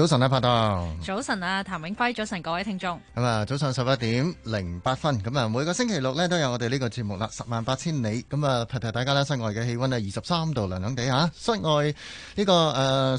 早晨啊，拍檔。早晨啊，譚永輝。早晨各位聽眾。咁啊，早上十一點零八分。咁啊，每個星期六咧都有我哋呢個節目啦。十萬八千里。咁啊，提提大家啦，室外嘅氣溫咧二十三度，涼涼地吓。室外呢個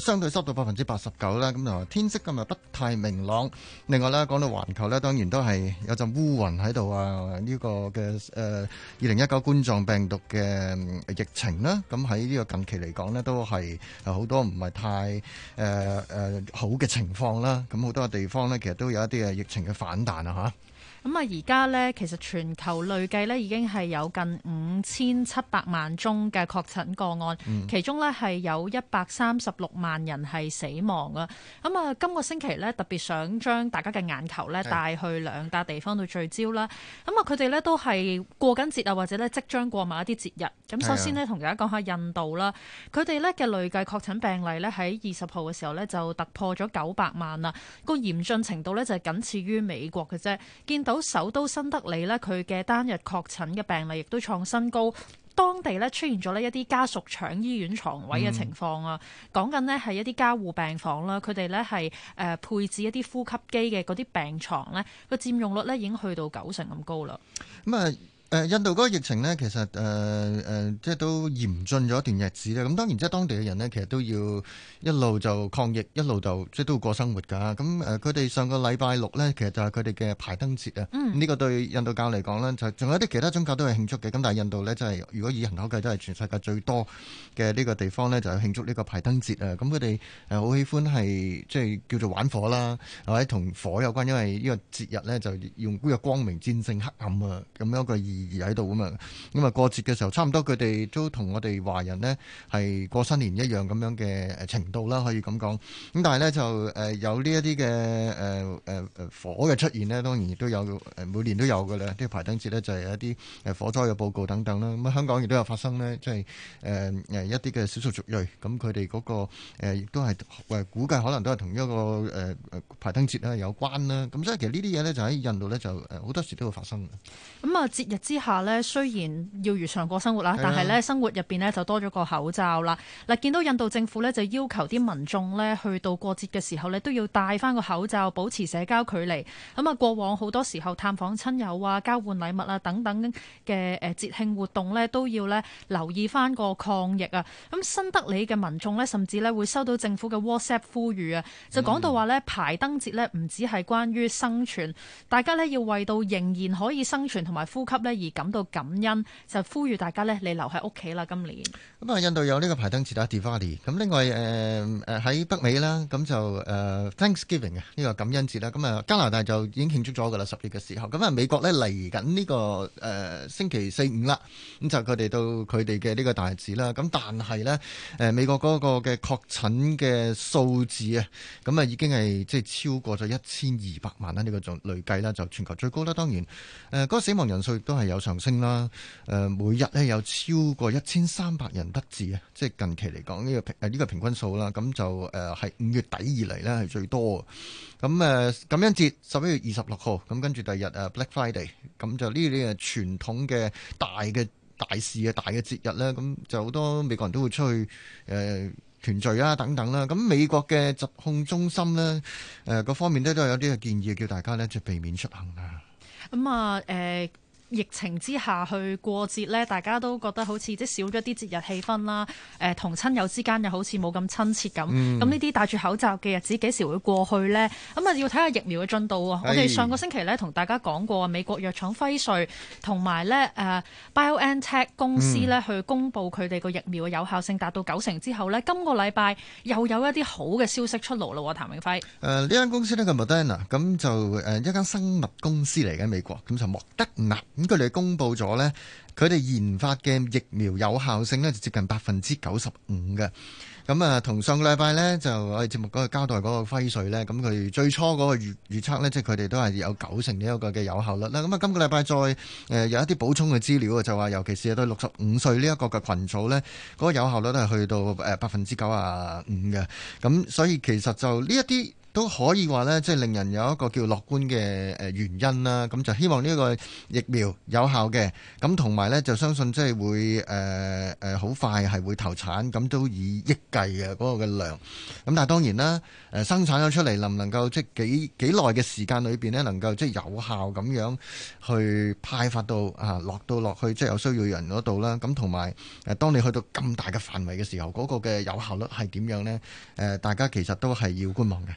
誒相對濕度百分之八十九啦。咁啊天色今日不太明朗。另外咧，講到環球咧，當然都係有陣烏雲喺度啊。呢個嘅誒二零一九冠狀病毒嘅疫情啦，咁喺呢個近期嚟講咧，都係好多唔係太誒誒好。好嘅情況啦，咁好多地方呢，其實都有一啲嘅疫情嘅反彈啊，嚇。咁啊，而家呢，其實全球累計咧已經係有近五千七百萬宗嘅確診個案，嗯、其中咧係有一百三十六萬人係死亡噶。咁啊，今個星期咧特別想將大家嘅眼球咧帶去兩笪地方去聚焦啦。咁啊，佢哋咧都係過緊節啊，或者咧即將過某一啲節日。咁首先咧，同大家講下印度啦，佢哋咧嘅累計確診病例咧喺二十號嘅時候咧就突破咗九百萬啦，個嚴峻程度咧就係僅次於美國嘅啫。見到。首都新德里咧，佢嘅單日確診嘅病例亦都創新高，當地咧出現咗咧一啲家屬搶醫院床位嘅情況啊，講緊咧係一啲加護病房啦，佢哋咧係誒配置一啲呼吸機嘅嗰啲病床咧，個佔用率咧已經去到九成咁高啦。咁、嗯、啊。誒印度嗰個疫情呢，其實誒誒、呃呃、即係都嚴峻咗一段日子啦。咁當然即係當地嘅人呢，其實都要一路就抗疫，一路就即係都要過生活㗎。咁誒佢哋上個禮拜六呢，其實就係佢哋嘅排燈節啊。呢、嗯呢個對印度教嚟講呢，就仲有啲其他宗教都係慶祝嘅。咁但係印度呢、就係，真係如果以人口計，都係全世界最多嘅呢個地方呢，就係、係、慶祝呢個排燈節啊。咁佢哋係好喜歡係即係叫做玩火啦，或者同火有關，因為呢個節日呢，就用呢個光明戰勝黑暗啊，咁樣一個意。而喺度咁啊，咁啊過節嘅時候，差唔多佢哋都同我哋華人咧係過新年一樣咁樣嘅程度啦，可以咁講。咁但係咧就誒有呢一啲嘅誒誒誒火嘅出現咧，當然亦都有誒每年都有噶啦。啲排燈節咧就係一啲誒火災嘅報告等等啦。咁啊香港亦都有發生咧，即係誒誒一啲嘅少數族裔，咁佢哋嗰個誒亦都係誒估計可能都係同一個誒誒排燈節咧有關啦。咁所以其實呢啲嘢咧就喺印度咧就誒好多時都會發生嘅。咁啊節日之下呢，雖然要如常過生活啦，但係呢生活入邊呢就多咗個口罩啦。嗱，見到印度政府呢就要求啲民眾呢去到過節嘅時候呢都要戴翻個口罩，保持社交距離。咁啊，過往好多時候探訪親友啊、交換禮物啊等等嘅誒節慶活動咧都要咧留意翻個抗疫啊。咁新德里嘅民眾呢甚至咧會收到政府嘅 WhatsApp 呼籲啊、嗯，就講到話咧排燈節咧唔止係關於生存，大家咧要為到仍然可以生存同埋呼吸咧。而感到感恩，就呼籲大家咧，你留喺屋企啦。今年咁啊，印度有呢個排燈節啦 Diwali 咁另外，誒、呃、誒，喺北美啦，咁就誒、呃、Thanksgiving 啊呢個感恩節啦。咁啊，加拿大就已經慶祝咗噶啦，十月嘅時候。咁啊、這個呃呃，美國咧嚟緊呢個誒星期四五啦，咁就佢哋到佢哋嘅呢個大日子啦。咁但係咧，誒，美國嗰個嘅確診嘅數字啊，咁啊已經係即係超過咗一千二百萬啦。呢、呢個仲累計啦，就全球最高啦。當然，誒、呃，嗰個死亡人數亦都係。係有上升啦，誒、呃，每日咧有超過一千三百人不治啊，即係近期嚟講呢個誒呢、呃這個平均數啦。咁就誒係五月底以嚟咧係最多嘅。咁誒、呃、感恩節十一月二十六號，咁跟住第二日誒、啊、Black Friday，咁就呢啲誒傳統嘅大嘅大事嘅大嘅節日咧，咁就好多美國人都會出去誒團、呃、聚啊等等啦。咁美國嘅疾控中心咧，誒、呃、各方面咧都有啲嘅建議，叫大家咧就避免出行啊。咁啊誒。疫情之下去過節呢，大家都覺得好似即少咗啲節日氣氛啦。同親友之間又好似冇咁親切咁。咁呢啲戴住口罩嘅日子幾時會過去呢？咁啊，要睇下疫苗嘅進度喎。我哋上個星期呢，同大家講過，美國藥廠輝瑞同埋呢誒 BioNTech 公司呢，去公佈佢哋個疫苗嘅有效性、嗯、達到九成之後呢，今個禮拜又有一啲好嘅消息出爐喎。譚永輝，呢、呃、間公司呢，叫 Moderna，咁就一間生物公司嚟嘅美國，咁就莫德納咁佢哋公布咗呢，佢哋研發嘅疫苗有效性呢，就接近百分之九十五嘅。咁啊，同上個禮拜呢，就我哋節目嗰個交代嗰個輝瑞呢，咁佢最初嗰個預預測呢，即係佢哋都係有九成呢一個嘅有效率啦。咁啊，今個禮拜再、呃、有一啲補充嘅資料啊，就話尤其是對六十五歲呢一個嘅群組呢，嗰、嗰個有效率都係去到百分之九十五嘅。咁所以其實就呢一啲。都可以話呢，即係令人有一個叫樂觀嘅原因啦。咁就希望呢個疫苗有效嘅，咁同埋呢就相信即係會誒好快係會投產，咁都以億計嘅嗰個嘅量。咁但係當然啦，生產咗出嚟能唔能夠即幾幾耐嘅時間裏邊呢，能夠即有效咁樣去派發到啊，落到落去即係有需要人嗰度啦。咁同埋誒，當你去到咁大嘅範圍嘅時候，嗰、嗰個嘅有效率係點樣呢？大家其實都係要觀望嘅。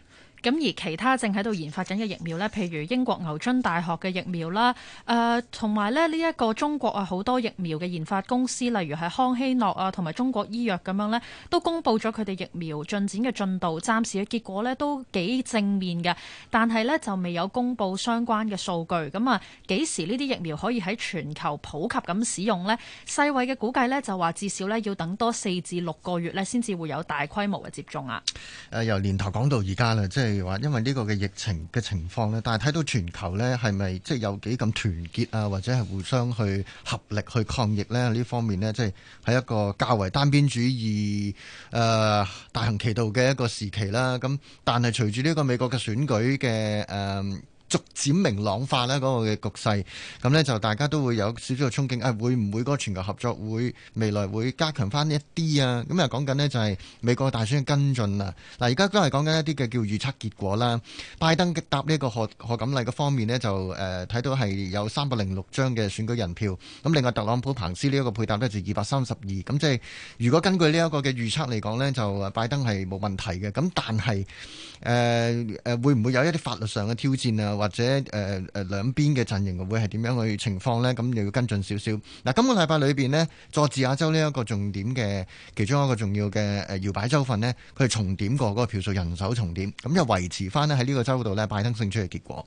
咁而其他正喺度研發緊嘅疫苗呢，譬如英國牛津大學嘅疫苗啦，誒同埋呢呢一個中國啊好多疫苗嘅研發公司，例如係康希諾啊同埋中國醫藥咁樣呢都公布咗佢哋疫苗進展嘅進度，暫時嘅結果呢都幾正面嘅，但係呢就未有公布相關嘅數據。咁啊幾時呢啲疫苗可以喺全球普及咁使用呢？世衛嘅估計呢，就話至少呢要等多四至六個月呢先至會有大規模嘅接種啊、呃。由年頭講到而家即譬如話，因為呢個嘅疫情嘅情況呢，但係睇到全球呢係咪即係有幾咁團結啊，或者係互相去合力去抗疫呢？呢方面呢，即係係一個較為單邊主義誒、呃、大行其道嘅一個時期啦。咁，但係隨住呢個美國嘅選舉嘅誒。呃展明朗化咧，嗰個嘅局勢，咁咧就大家都會有少少嘅憧憬，啊，會唔會嗰個全球合作會未來會加強翻一啲啊？咁又講緊咧就係美國大選嘅跟進啊！嗱，而家都係講緊一啲嘅叫預測結果啦。拜登答呢個個賀賀錦麗嘅方面咧，就誒睇到係有三百零六張嘅選舉人票，咁另外特朗普彭斯呢一個配搭咧就二百三十二，咁即係如果根據呢一個嘅預測嚟講咧，就拜登係冇問題嘅，咁但係誒誒會唔會有一啲法律上嘅挑戰啊？或者誒誒兩邊嘅陣營會係點樣嘅情況呢？咁又要跟進少少。嗱、呃，今個禮拜裏邊呢，佐治亞州呢一個重點嘅其中一個重要嘅誒搖擺州份呢，佢重點過嗰、那個票數人手重點，咁就維持翻呢喺呢個州度呢拜登勝出嘅結果。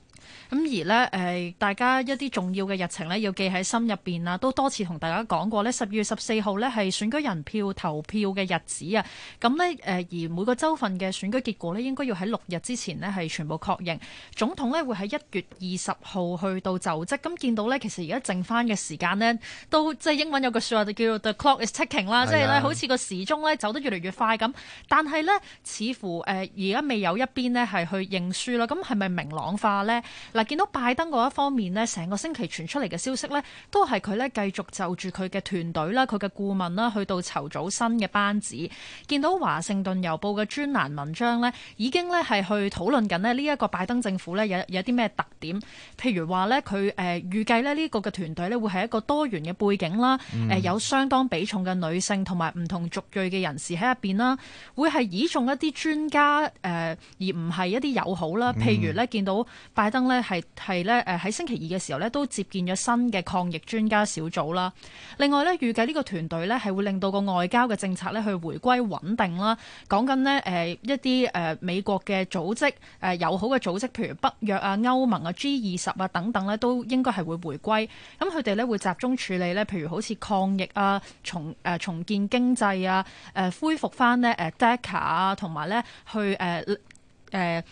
咁而呢，誒、呃，大家一啲重要嘅日程呢，要記喺心入邊啊！都多次同大家講過呢，十二月十四號呢係選舉人票投票嘅日子啊。咁呢，誒、呃，而每個州份嘅選舉結果呢，應該要喺六日之前呢係全部確認。總統呢會喺一月二十號去到就職，咁見到咧，其實而家剩翻嘅時間呢，都即係英文有個説話就叫做 The clock is ticking 啦，啊、即係咧好似個時鐘咧走得越嚟越快咁。但係咧，似乎而家、呃、未有一邊呢係去認輸啦。咁係咪明朗化咧？嗱，見到拜登嗰一方面呢，成個星期傳出嚟嘅消息呢，都係佢咧繼續就住佢嘅團隊啦、佢嘅顧問啦，去到籌組新嘅班子。見到華盛頓郵報嘅專欄文章呢，已經咧係去討論緊呢一個拜登政府咧有有。啲咩特點？譬如話咧，佢誒預計咧呢個嘅團隊咧會係一個多元嘅背景啦，誒、嗯、有相當比重嘅女性同埋唔同族裔嘅人士喺入邊啦，會係倚重一啲專家誒，而唔係一啲友好啦、嗯。譬如咧見到拜登咧係係咧誒喺星期二嘅時候咧都接見咗新嘅抗疫專家小組啦。另外咧預計呢個團隊咧係會令到個外交嘅政策咧去回歸穩定啦。講緊呢，誒一啲誒美國嘅組織誒友好嘅組織，譬如北約啊。歐盟啊、G 二十啊等等咧，都應該係會回歸。咁佢哋咧會集中處理咧，譬如好似抗疫啊、重誒、呃、重建經濟啊、誒、呃、恢復翻咧誒 d e c a 啊，同埋咧去誒誒。呃呃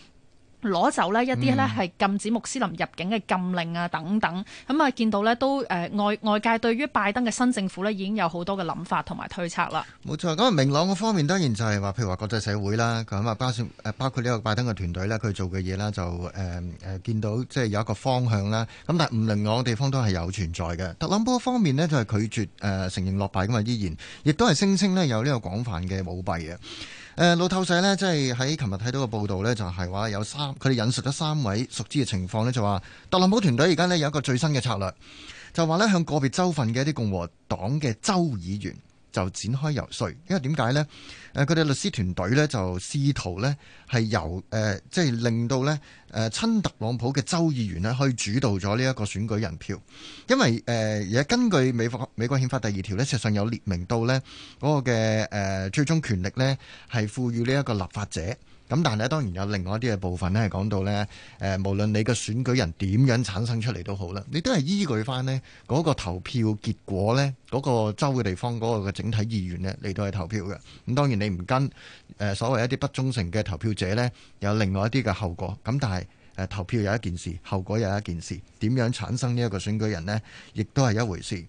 攞走呢一啲呢係禁止穆斯林入境嘅禁令啊等等，咁、嗯、啊見到呢都誒、呃、外外界對於拜登嘅新政府呢已經有好多嘅諗法同埋推測啦。冇錯，咁啊明朗嘅方面當然就係話譬如話國際社會啦，咁啊包括呢個拜登嘅團隊呢，佢做嘅嘢啦就誒誒、呃、見到即係有一個方向啦。咁但係唔明朗嘅地方都係有存在嘅。特朗普方面呢就係拒絕誒、呃、承認落敗咁嘛，依然亦都係聲稱呢有呢個廣泛嘅舞弊嘅。誒路透社呢，即係喺琴日睇到個報道呢，就係話有三佢哋引述咗三位熟知嘅情況呢，就話特朗普團隊而家呢有一個最新嘅策略，就話呢向個別州份嘅一啲共和黨嘅州議員，就展開遊說，因為點解咧？誒，佢哋律師團隊咧就試圖咧係由誒即係令到咧誒親特朗普嘅州議員咧可以主導咗呢一個選舉人票，因為誒而家根據美國美國憲法第二條咧，事實上有列明到咧個嘅誒、呃、最終權力咧係賦予呢一個立法者。咁但係當然有另外一啲嘅部分咧，係講到呢，誒無論你嘅選舉人點樣產生出嚟都好啦，你都係依據翻呢嗰個投票結果呢嗰、嗰個州嘅地方嗰個嘅整體意願呢嚟到係投票嘅。咁當然你唔跟誒所謂一啲不忠誠嘅投票者呢，有另外一啲嘅後果。咁但係誒投票有一件事，後果有一件事，點樣產生呢一個選舉人呢，亦都係一回事。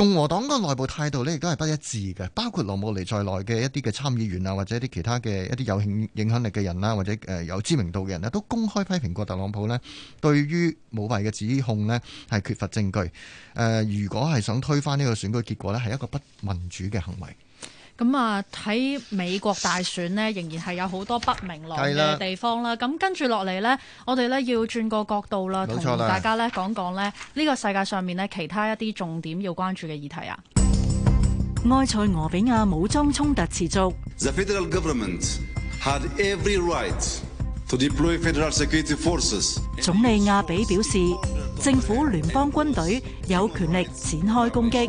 共和黨個內部態度呢亦都係不一致嘅，包括羅姆尼在內嘅一啲嘅參議員啊，或者一啲其他嘅一啲有影響力嘅人啦，或者誒有知名度嘅人咧，都公開批評過特朗普呢對於舞弊嘅指控呢係缺乏證據。誒、呃，如果係想推翻呢個選舉結果呢，係一個不民主嘅行為。咁、嗯、啊，喺美國大選呢，仍然係有好多不明朗嘅地方啦。咁跟住落嚟呢，我哋咧要轉個角度啦，同大家咧講講咧呢個世界上面呢，其他一啲重點要關注嘅議題啊。埃塞俄比亞武裝衝突持續。The federal government has every right to deploy federal security forces. 總理亞比表示，政府聯邦軍隊有權力展開攻擊。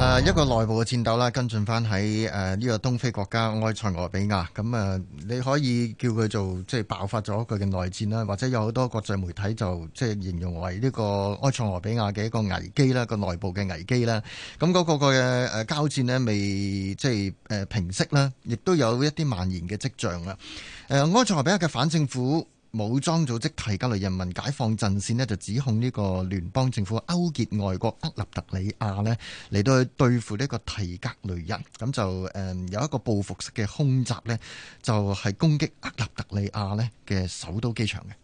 誒一個內部嘅戰鬥啦，跟進翻喺誒呢個東非國家埃塞俄比亞，咁啊你可以叫佢做即係爆發咗佢嘅內戰啦，或者有好多國際媒體就即係形容為呢個埃塞俄比亞嘅一個危機啦，個內部嘅危機啦，咁、那、嗰個嘅誒交戰呢，未即係誒平息啦，亦都有一啲蔓延嘅跡象啦，誒埃塞俄比亞嘅反政府。武裝組織提格雷人民解放陣線咧，就指控呢個聯邦政府勾結外國厄立特里亞咧嚟到去對付呢個提格雷人，咁就誒有一個報復式嘅空襲咧，就係攻擊厄立特里亞咧嘅首都機場嘅。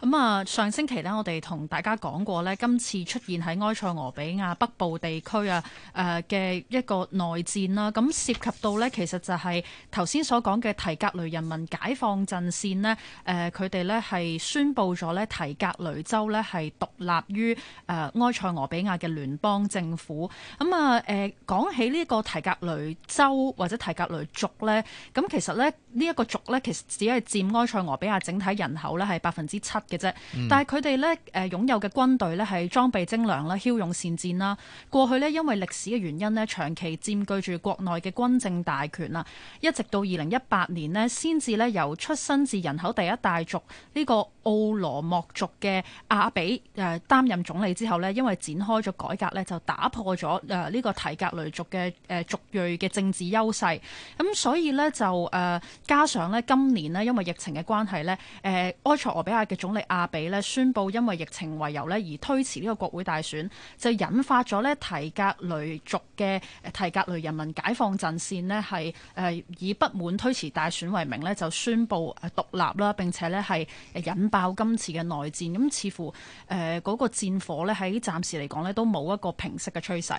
咁啊，上星期咧，我哋同大家講過咧，今次出現喺埃塞俄比亞北部地區啊，誒嘅一個內戰啦。咁涉及到咧，其實就係頭先所講嘅提格雷人民解放陣線咧，誒佢哋咧係宣布咗咧提格雷州咧係獨立於誒埃塞俄比亞嘅聯邦政府。咁啊，誒講起呢個提格雷州或者提格雷族咧，咁其實咧呢一個族咧，其實只係佔埃塞俄比亞整體人口咧係百分之七。嘅、嗯、啫，但係佢哋咧，誒擁有嘅軍隊咧係裝備精良啦、驍勇善戰啦。過去咧因為歷史嘅原因咧，長期佔據住國內嘅軍政大權啦，一直到二零一八年咧，先至咧由出身自人口第一大族呢個奧羅莫族嘅阿比誒擔任總理之後咧，因為展開咗改革咧，就打破咗誒呢個提格雷族嘅誒族裔嘅政治優勢。咁所以呢，就誒加上咧今年咧因為疫情嘅關係呢誒埃塞俄比亞嘅總理，阿比呢宣布因為疫情為由呢而推遲呢個國會大選，就引發咗呢提格雷族嘅提格雷人民解放陣線呢係誒以不滿推遲大選為名呢就宣布獨立啦，並且呢係引爆今次嘅內戰。咁似乎誒嗰、呃那個戰火呢喺暫時嚟講呢都冇一個平息嘅趨勢。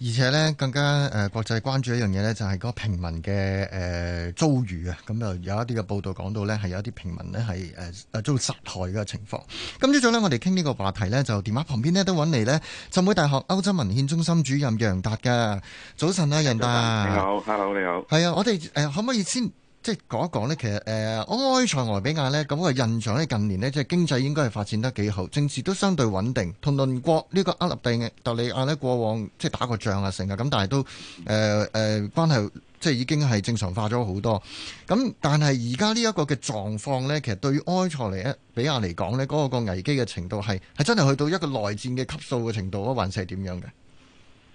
而且呢更加誒國際關注一樣嘢呢就係嗰個平民嘅誒、呃、遭遇啊。咁、嗯、就有一啲嘅報道講到呢係有一啲平民呢係誒遭殺害嘅。情況。今朝早呢，我哋傾呢個話題呢就電話旁邊呢都揾嚟呢浸會大學歐洲文獻中心主任楊達嘅，早晨啊，楊達，你好，Hello、啊、你好，係啊，我哋誒、呃、可唔可以先即係講一講呢其實誒，埃、呃、塞俄比亞呢，咁個印象呢近年呢即係經濟應該係發展得幾好，政治都相對穩定，同鄰國、這個、阿呢個厄立特利亞呢過往即係打過仗啊，成日，咁但係都誒誒關係。即係已經係正常化咗好多，咁但係而家呢一個嘅狀況呢，其實對於埃塞俄比亞嚟講呢，嗰個危機嘅程度係係真係去到一個內戰嘅級數嘅程度啊，還是係點樣嘅？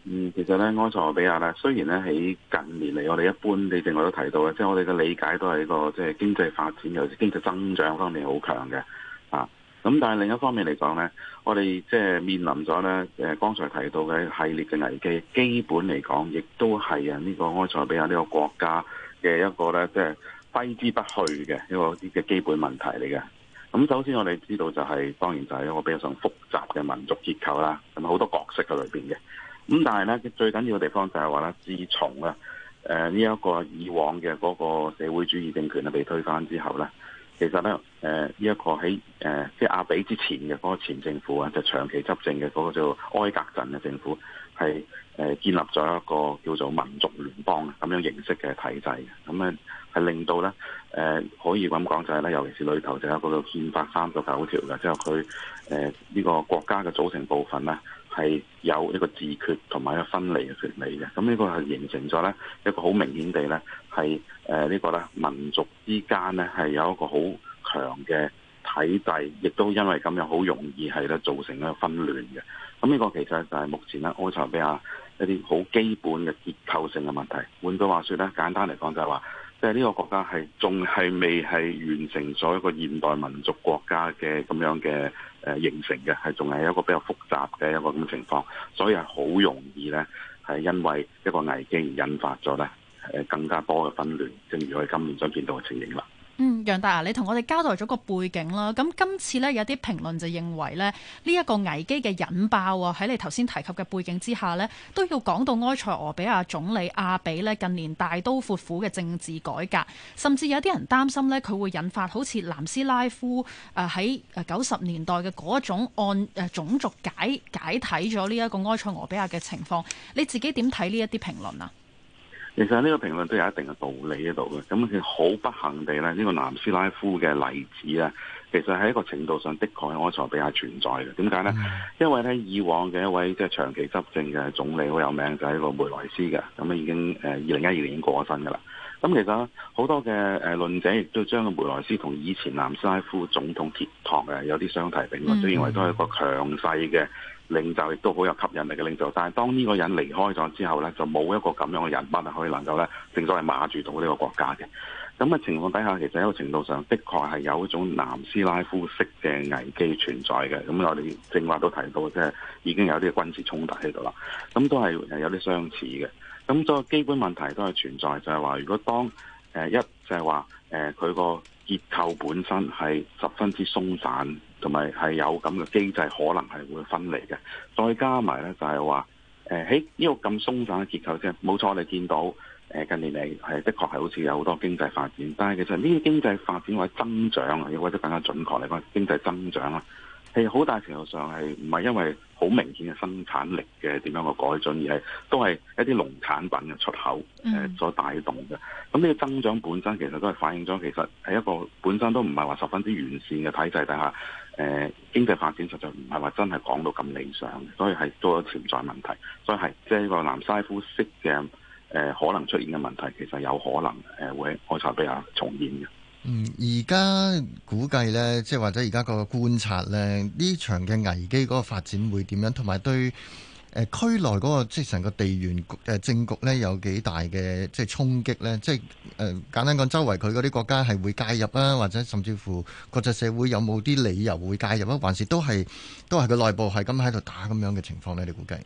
嗯，其實呢，埃塞俄比亞呢，雖然咧喺近年嚟，我哋一般你正話都提到嘅，即係我哋嘅理解都係一個即係經濟發展尤其是經濟增長方面好強嘅啊。咁但係另一方面嚟講呢，我哋即係面臨咗呢，誒，剛才提到嘅系列嘅危機，基本嚟講亦都係啊呢個埃塞比亞呢個國家嘅一個呢，即、就、係、是、揮之不去嘅一個啲嘅基本問題嚟嘅。咁首先我哋知道就係、是、當然就係一個比較上複雜嘅民族結構啦，咁好多角色喺裏面嘅。咁但係呢，最緊要嘅地方就係話啦，自從啊呢一個以往嘅嗰個社會主義政權啊被推翻之後呢。其實咧，誒呢一個喺誒即係阿比之前嘅嗰個前政府啊，就是、長期執政嘅嗰個叫埃革陣嘅政府，係誒建立咗一個叫做民族聯邦咁樣形式嘅體制嘅，咁咧係令到咧誒可以咁講就係咧，尤其是裏頭就有一個憲法三十九條嘅，即係佢誒呢個國家嘅組成部分咧。係有一個自決同埋一個分離嘅權利嘅，咁呢個係形成咗呢一個好明顯地呢，係誒呢個咧民族之間呢，係有一個好強嘅體制，亦都因為咁樣好容易係咧造成一個紛亂嘅。咁呢個其實就係目前呢，埃塞俄比亞一啲好基本嘅結構性嘅問題。換句話說呢，簡單嚟講就係、是、話。即係呢個國家係仲係未係完成咗一個現代民族國家嘅咁樣嘅誒形成嘅，係仲係一個比較複雜嘅一個咁嘅情況，所以係好容易呢係因為一個危機引發咗呢誒更加多嘅紛亂，正如我哋今年所見到嘅情形啦。嗯，楊達，你同我哋交代咗個背景啦。咁今次呢，有啲評論就認為呢一個危機嘅引爆，喺你頭先提及嘅背景之下呢，都要講到埃塞俄比亞總理阿比近年大刀闊斧嘅政治改革，甚至有啲人擔心呢，佢會引發好似南斯拉夫誒喺九十年代嘅嗰一種按誒種族解解體咗呢一個埃塞俄比亞嘅情況。你自己點睇呢一啲評論啊？其實呢個評論都有一定嘅道理喺度嘅，咁佢好不幸地咧，呢、這個南斯拉夫嘅例子咧，其實喺一個程度上的確係埃塞比亞存在嘅。點解呢？Mm-hmm. 因為咧，以往嘅一位即係、就是、長期執政嘅總理好有名，就係、是、一個梅萊斯嘅，咁啊已經誒二零一二年已經過咗身㗎啦。咁其實好多嘅誒論者亦都將梅萊斯同以前南斯拉夫總統鐵托嘅有啲相提並論，都認為都係一個強勢嘅。領袖亦都好有吸引力嘅領袖，但係當呢個人離開咗之後呢，就冇一個咁樣嘅人物，可以能夠呢，正所謂馬住到呢個國家嘅。咁嘅情況底下，其實一個程度上的確係有一種南斯拉夫式嘅危機存在嘅。咁、嗯、我哋正話都提到，即係已經有啲軍事衝突喺度啦。咁、嗯、都係有啲相似嘅。咁、嗯、所以基本問題都係存在，就係、是、話如果當誒一、呃、就係話誒佢個結構本身係十分之鬆散。同埋係有咁嘅機制，可能係會分離嘅。再加埋呢，就係話喺呢個咁鬆散嘅結構之下，冇錯，你見到近年嚟係的確係好似有好多經濟發展。但係其實呢個經濟發展或者增長，亦或者更加準確嚟講，經濟增長啦，係好大程度上係唔係因為好明顯嘅生產力嘅點樣個改進，而係都係一啲農產品嘅出口所帶動嘅。咁呢個增長本身其實都係反映咗其實係一個本身都唔係話十分之完善嘅體制底下。誒，經濟發展實在唔係話真係講到咁理想，所以係都有潛在問題，所以係即係呢個南斯拉夫式嘅、呃、可能出現嘅問題，其實有可能誒會喺埃塞俄比亞重現嘅。嗯，而家估計呢，即係或者而家個觀察呢，呢場嘅危機嗰個發展會點樣，同埋對。誒、呃、區內嗰、那個即係成個地緣、呃、政局呢，有幾大嘅即係衝擊呢？即係、呃、簡單講，周圍佢嗰啲國家係會介入啊，或者甚至乎國際社會有冇啲理由會介入啊？還是都係都係個內部係咁喺度打咁樣嘅情況呢？你估計？嗱、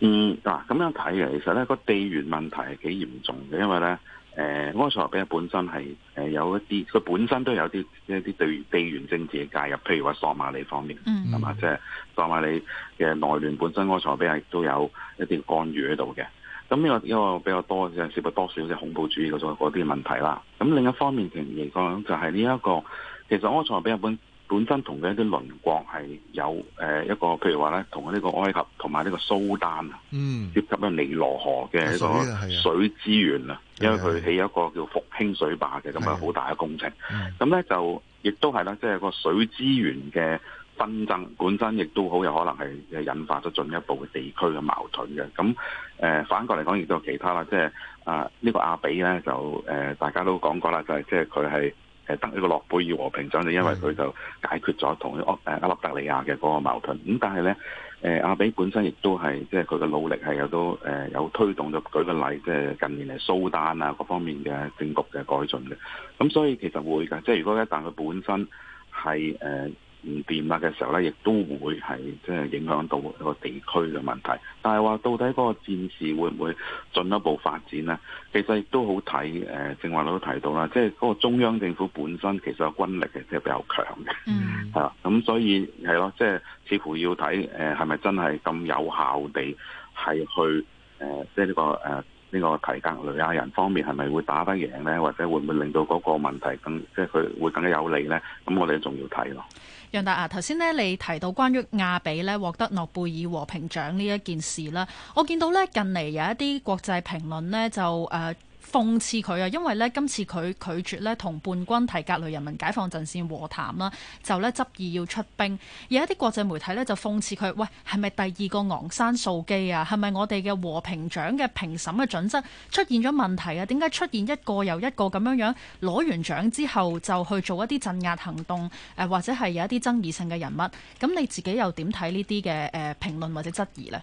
嗯，咁、啊、樣睇嘅其實呢個地緣問題係幾嚴重嘅，因為呢。誒、呃、埃塞俄比亞本身係誒有一啲，佢本身都有啲一啲對一地緣政治嘅介入，譬如話索馬里方面，係、嗯、嘛，即係索馬里嘅內亂本身，埃塞俄比亞亦都有一啲干預喺度嘅。咁呢、這個呢、這個比較多即係涉及多少少係恐怖主義嗰啲問題啦。咁另一方面，譬如講就係呢一個其實埃、這個、塞俄比亞本。本身同佢一啲鄰國係有誒一個，譬如話咧，同呢個埃及同埋呢個蘇丹啊，嗯，涉及咗尼羅河嘅一個水資源啊、嗯，因為佢起一個叫復興水壩嘅咁樣，好大嘅工程。咁咧就亦都係啦，即、就、係、是、個水資源嘅紛爭，本身亦都好有可能係引發咗進一步嘅地區嘅矛盾嘅。咁、呃、反過嚟講，亦都有其他啦，即係啊呢個阿比咧就誒、呃、大家都講過啦，就係即係佢係。誒得呢個諾貝爾和平獎，就因為佢就解決咗同阿誒厄立特里亞嘅嗰個矛盾。咁但係咧，誒阿比本身亦都係即係佢嘅努力係有都誒有推動咗。舉個例，即係近年嚟蘇丹啊各方面嘅政局嘅改進嘅。咁所以其實會嘅，即係如果一旦佢本身係誒。唔掂啦嘅時候咧，亦都會係即係影響到一個地區嘅問題。但係話到底嗰個戰事會唔會進一步發展咧？其實亦都好睇。誒，正話都提到啦，即係嗰個中央政府本身其實個軍力係即係比較強嘅。嗯。咁，所以係咯，即係、就是、似乎要睇誒，係咪真係咁有效地係去誒，即係呢個、呃呢、這個提格雷亞人方面係咪會打得贏呢？或者會唔會令到嗰個問題更即係佢會更加有利呢？咁、嗯、我哋仲要睇咯。楊達啊，頭先呢，你提到關於亞比咧獲得諾貝爾和平獎呢一件事啦，我見到呢近嚟有一啲國際評論呢，就、呃、誒。諷刺佢啊，因為呢，今次佢拒絕呢同叛軍提格雷人民解放陣線和談啦，就呢執意要出兵。有一啲國際媒體呢，就諷刺佢，喂，係咪第二個昂山素基、昂山素姬啊？係咪我哋嘅和平獎嘅評審嘅準則出現咗問題啊？點解出現一個又一個咁樣樣攞完獎之後就去做一啲鎮壓行動？誒，或者係有一啲爭議性嘅人物？咁你自己又點睇呢啲嘅誒評論或者質疑呢？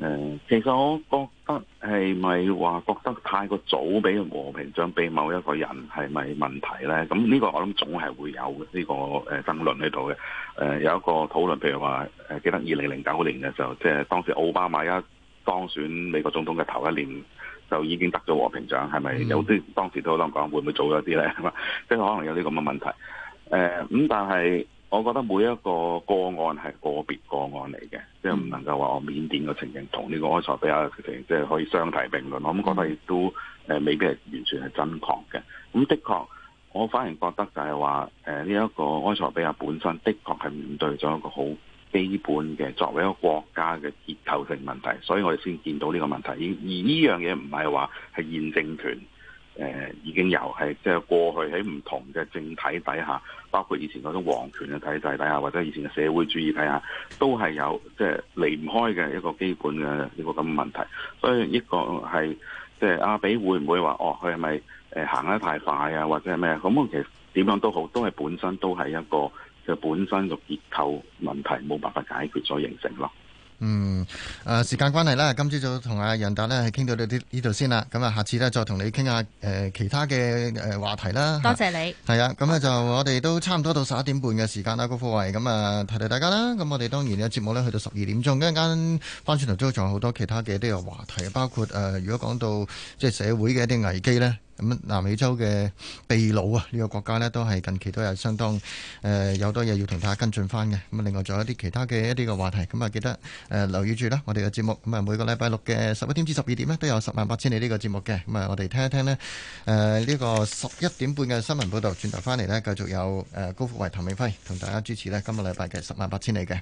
誒、呃，其實我覺得係咪話覺得太過早俾和平獎俾某一個人係咪問題呢？咁呢個我諗總係會有呢個誒爭論喺度嘅。誒、呃，有一個討論，譬如話誒，記得二零零九年嘅時候，即係當時奧巴馬一當選美國總統嘅頭一年就已經得咗和平獎，係咪有啲當時都有人講會唔會早咗啲呢？即、mm. 係可能有啲個咁嘅問題。誒、呃，咁但係。我覺得每一個個案係個別個案嚟嘅，即係唔能夠話我緬甸嘅情形同呢個埃塞俄比亞嘅，即係可以相提並論。我咁覺得亦都誒未必係完全係真確嘅。咁的確，我反而覺得就係話誒呢一個埃塞俄比亞本身的確係面對咗一個好基本嘅作為一個國家嘅結構性問題，所以我哋先見到呢個問題。而而呢樣嘢唔係話係現政權。誒已經有係即係過去喺唔同嘅政體底下，包括以前嗰種皇權嘅體制底下，或者以前嘅社會主義底下，都係有即係離唔開嘅一個基本嘅一個咁嘅問題。所以呢個係即係阿比會唔會話哦？佢係咪誒行得太快啊？或者係咩咁？其實點樣都好，都係本身都係一個嘅、即係、本身嘅結構問題，冇辦法解決所形成咯。嗯，誒、啊，時間關係啦，今朝早同阿楊達呢係傾到啲呢度先啦。咁啊，下次呢，再同你傾下誒其他嘅誒話題啦。多謝你。係啊，咁啊就我哋都差唔多到十一點半嘅時間啦，高富衛。咁啊，提提大家啦。咁我哋當然有節目呢，去到十二點鐘，跟間返轉頭都仲有好多其他嘅呢啲嘅話題，包括誒、呃，如果講到即係、就是、社會嘅一啲危機呢。咁南美洲嘅秘魯啊，呢個國家咧都係近期都有相當誒有多嘢要同大家跟進翻嘅。咁另外仲有啲其他嘅一啲嘅話題，咁啊記得誒留意住啦，我哋嘅節目。咁啊每個禮拜六嘅十一點至十二點咧，都有十萬八千里呢個節目嘅。咁啊我哋聽一聽咧誒呢個十一點半嘅新聞報導，轉頭翻嚟咧繼續有誒高福維、譚美輝同大家主持咧今個禮拜嘅十萬八千里嘅。